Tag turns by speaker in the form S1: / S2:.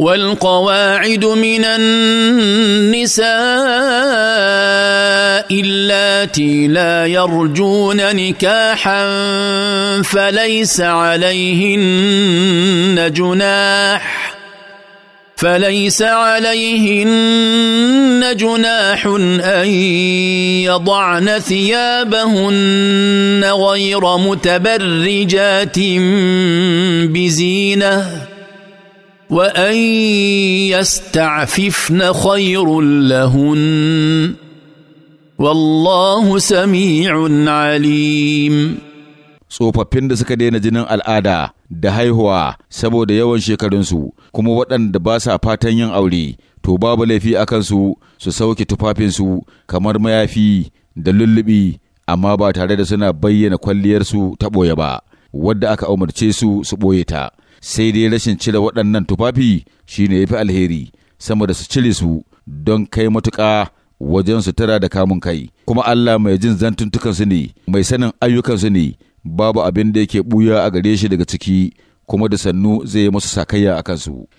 S1: والقواعد من النساء اللاتي لا يرجون نكاحا فليس عليهن جناح فليس عليهن جناح ان يضعن ثيابهن غير متبرجات بزينه وان يستعففن خير لهن
S2: والله سميع عليم tsofaffin da suka daina jinin al'ada da haihuwa saboda yawan shekarunsu kuma waɗanda ba sa fatan yin aure to babu laifi a kansu su sauke tufafinsu kamar mayafi da lullubi amma ba tare da suna bayyana kwalliyarsu ta ɓoye ba wadda aka umarce su su ɓoye ta sai dai rashin cire waɗannan tufafi shine ya fi alheri sama da su cire su don kai matuƙa wajen su tara da kamun kai kuma Allah mai jin su ne mai sanin ayyukan su ne babu abin da yake buya a gare shi daga ciki kuma da sannu zai yi musu sakayya a kansu